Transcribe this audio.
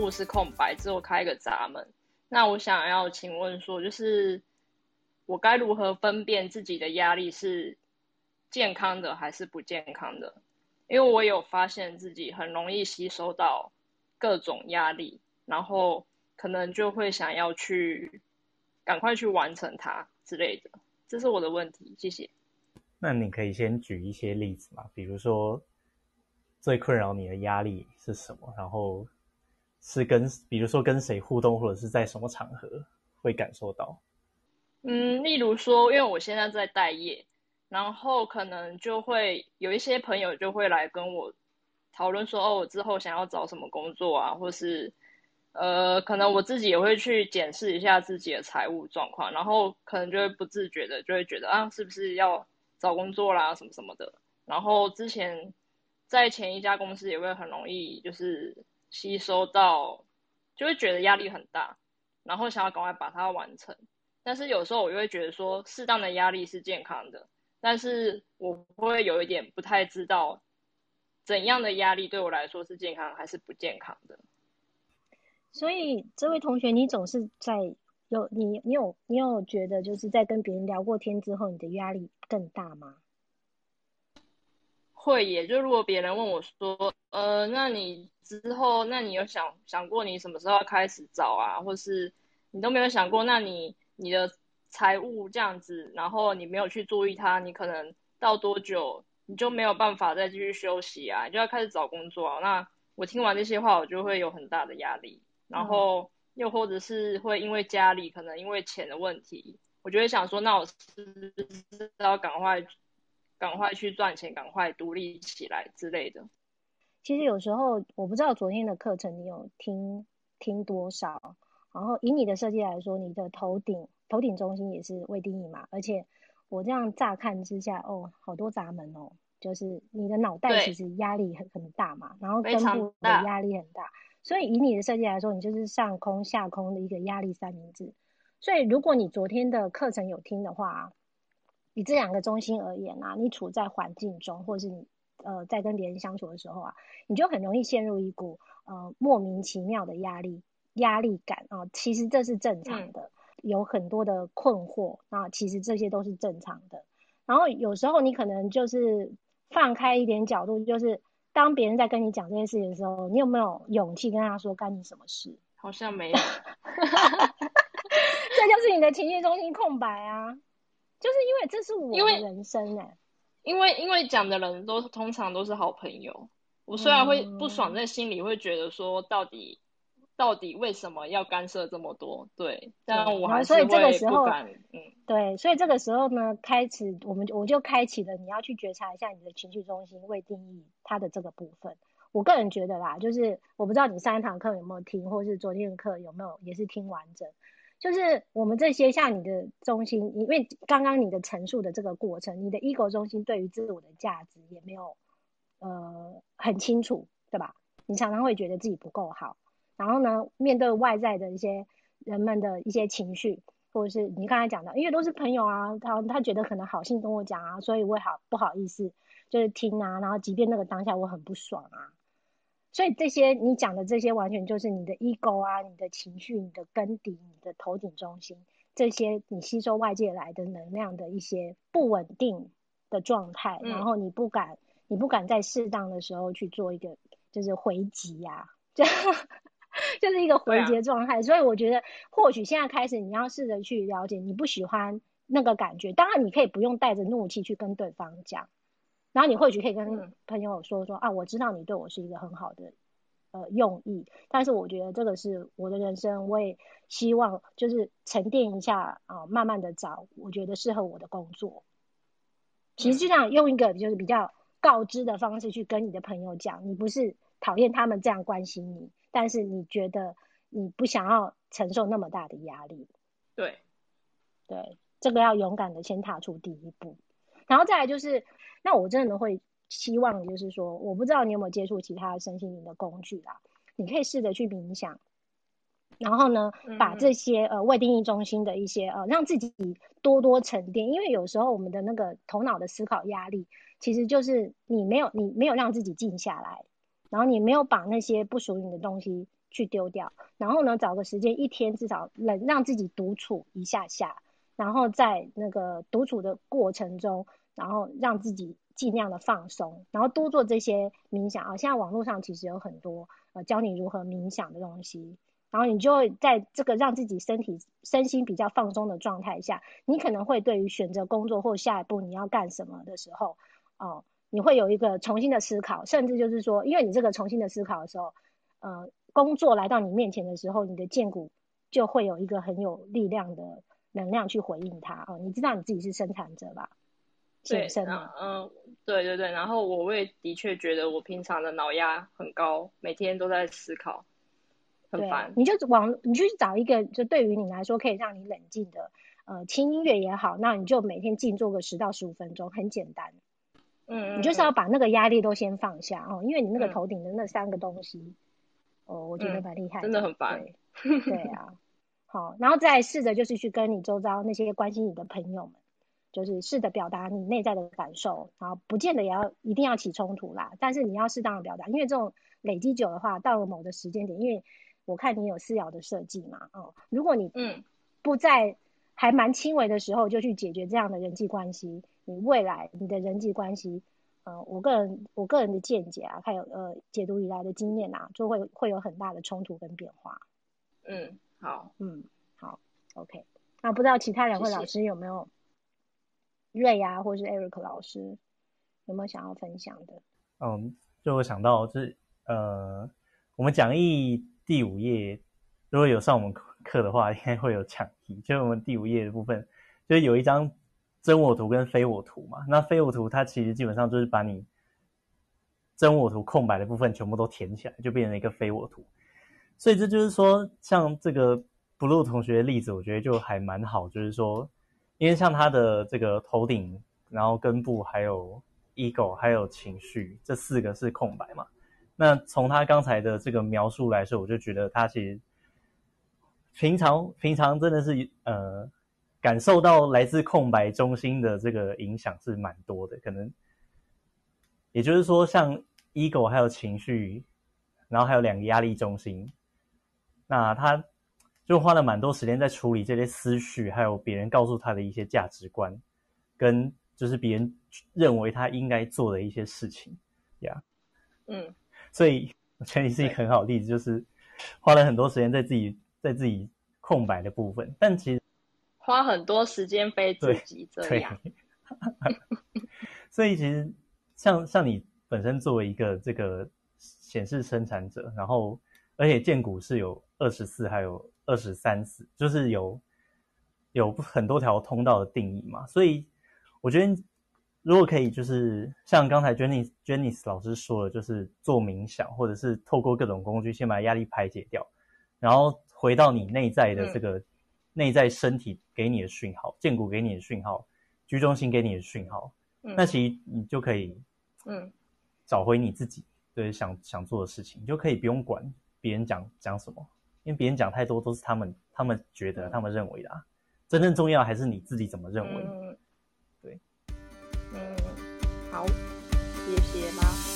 布是空白，之後開個閘門。那我想要請問說，就是我該如何分辨自己的壓力是健康的還是不健康的？因為我有發現自己很容易吸收到各種壓力，然後可能就會想要去趕快去完成它之類的。這是我的問題，謝謝。那你可以先舉一些例子嘛，比如說最困擾你的壓力是什麼，然後。是跟，比如說跟誰互動，或者是在什麼場合會感受到？嗯，例如說，因為我現在在待業，然後可能就會有一些朋友就會來跟我討論說，哦，我之後想要找什麼工作啊，或是，呃，可能我自己也會去檢視一下自己的財務狀況，然後可能就會不自覺的就會覺得啊，是不是要找工作啦、啊，什麼什麼的。然後之前在前一家公司也會很容易就是。吸收到，就會覺得壓力很大，然後想要趕快把它完成。但是有時候我又會覺得說，適當的壓力是健康的，但是我會有一點不太知道怎樣的壓力對我來說是健康還是不健康的。所以這位同學，你總是在有你你有你有覺得就是在跟別人聊過天之後，你的壓力更大嗎？會也，就如果別人問我說，呃，那你之後，那你有想想過你什麼時候要開始找啊？或是你都沒有想過，那你你的財務這樣子，然後你沒有去注意它，你可能到多久你就沒有辦法再繼續休息啊，你就要開始找工作啊。那我聽完這些話，我就會有很大的壓力，然後又或者是會因為家裡可能因為錢的問題，我就會想說，那我是不是要趕快。趕快去賺錢，趕快獨立起來之類的。其實有時候我不知道昨天的課程你有聽聽多少。然後以你的設計來說，你的頭頂頭頂中心也是未定義嘛，而且我這樣乍看之下，哦，好多閘門哦，就是你的腦袋其實壓力很很大嘛，對然後根部的壓力很大大，所以以你的設計來說，你就是上空下空的一個壓力三明治。所以如果你昨天的課程有聽的話，以這兩個中心而言啊，你處在環境中，或是你呃在跟別人相處的時候啊，你就很容易陷入一股呃莫名其妙的壓力、壓力感啊、呃。其實這是正常的，嗯、有很多的困惑啊、呃，其實這些都是正常的。然後有時候你可能就是放開一點角度，就是當別人在跟你講這件事情的時候，你有沒有勇氣跟他說干你什麼事？好像沒有， 這就是你的情緒中心空白啊。就是因為這是我的人生哎，因為因為講的人都通常都是好朋友，我雖然會不爽在心裡，會覺得說到底到底為什麼要干涉這麼多？對，但我還是會不敢。嗯嗯、對，所以這個時候呢，開始我們我就開啟了，你要去覺察一下你的情緒中心未定義它的這個部分。我個人覺得啦，就是我不知道你上一堂課有沒有聽，或是昨天的課有沒有也是聽完整。就是我們這些像你的中心，因為剛剛你的陳述的這個過程，你的 ego 中心對於自我的價值也沒有，呃，很清楚，對吧？你常常會覺得自己不夠好，然後呢，面對外在的一些人們的一些情緒，或者是你剛才講的，因為都是朋友啊，他他覺得可能好心跟我講啊，所以我也好不好意思，就是聽啊，然後即便那個當下我很不爽啊。所以這些你講的這些，完全就是你的 ego 啊，你的情緒，你的根底，你的頭頂中心，這些你吸收外界來的能量的一些不穩定的狀態，嗯、然後你不敢，你不敢在適當的時候去做一個就是回擊呀、啊，這樣 就是一個回擊的狀態。啊、所以我覺得，或許現在開始你要試着去了解，你不喜歡那個感覺。當然，你可以不用帶着怒氣去跟對方講。然後你或許可以跟朋友說說、嗯、啊，我知道你對我是一個很好的呃用意，但是我覺得這個是我的人生，我也希望就是沉澱一下啊、呃，慢慢的找我覺得適合我的工作。其實就想用一個就是比較告知的方式去跟你的朋友講，你不是討厭他們這樣關心你，但是你覺得你不想要承受那麼大的壓力。對，對，這個要勇敢的先踏出第一步。然後再來就是，那我真的會希望，就是說，我不知道你有沒有接觸其他身心靈的工具啦、啊，你可以試着去冥想，然後呢，把這些呃未定義中心的一些呃，讓自己多多沉澱。因為有時候我們的那個頭腦的思考壓力，其實就是你沒有你沒有讓自己靜下來，然後你沒有把那些不屬於你的東西去丟掉，然後呢，找個時間一天至少能讓，讓自己獨處一下下，然後在那個獨處的過程中。然後讓自己儘量的放鬆，然後多做這些冥想啊！現在網絡上其實有很多呃教你如何冥想的東西，然後你就會在這個讓自己身體身心比較放鬆的狀態下，你可能會對於選擇工作或下一步你要幹什麼的時候，哦，你會有一個重新的思考，甚至就是說，因為你這個重新的思考的時候，呃，工作來到你面前的時候，你的薦骨就會有一個很有力量的能量去回應它啊、哦！你知道你自己是生產者吧？健對身啊、嗯。嗯，對對對，然後我也的確覺得我平常的腦壓很高，每天都在思考，很煩。你就往，你去找一個，就對於你來說可以讓你冷靜的，呃，輕音樂也好，那你就每天靜坐個十到十五分鐘，很簡單。嗯,嗯,嗯，你就是要把那個壓力都先放下哦，因為你那個頭頂的那三個東西，嗯、哦，我覺得蠻厲害、嗯，真的很煩。對,對啊， 好，然後再試着就是去跟你周遭那些關心你的朋友們。就是試着表達你內在的感受，然後不見得也要一定要起衝突啦，但是你要適當的表達，因為這種累積久的話，到了某的時間點，因為我看你有四爻的設計嘛，哦，如果你嗯不在還蠻輕微的時候就去解決這樣的人際關係，你未來你的人際關係，嗯、呃，我個人我個人的見解啊，還有呃解讀以來的經驗吶、啊，就會會有很大的衝突跟變化。嗯，好，嗯，好，OK。那不知道其他兩位老師有沒有？Ray 啊，或是 Eric 老師，有沒有想要分享的？嗯，um, 就我想到就是呃，我們講義第五頁，如果有上我們課的話，應該會有講義。就我們第五頁的部分，就是有一張真我圖跟非我圖嘛。那非我圖它其實基本上就是把你真我圖空白的部分全部都填起來，就變成一個非我圖。所以這就是說，像這個 Blue 同學的例子，我覺得就還蠻好，就是說。因為像他的這個頭頂，然後根部還有 ego，還有情緒，這四個是空白嘛。那從他剛才的這個描述來說，我就覺得他其實平常平常真的是呃感受到來自空白中心的這個影響是蠻多的，可能也就是說，像 ego 還有情緒，然後還有兩個壓力中心，那他。就花了蠻多時間在處理這些思緒，還有別人告訴他的一些價值觀，跟就是別人認為他應該做的一些事情呀。Yeah. 嗯，所以我覺得你是一個很好的例子，對就是花了很多時間在自己在自己空白的部分。但其實花很多時間被自己這樣。對對 所以其實像像你本身作為一個這個顯示生產者，然後。而且薦骨是有二十四還有二十三次，就是有有很多條通道的定義嘛。所以我覺得，如果可以，就是像剛才 Janis、Janis 老師說的，就是做冥想，或者是透過各種工具先把壓力排解掉，然後回到你內在的這個內在身體給你的訊號，薦骨、嗯、給你的訊號，居中心給你的訊號，嗯、那其實你就可以，嗯，找回你自己對想想做的事情，你就可以不用管。別人講講什麼。因為別人講太多都是他們他們覺得、嗯、他們認為的、啊，真正重要還是你自己怎麼認為。嗯、對，嗯，好，謝謝啦。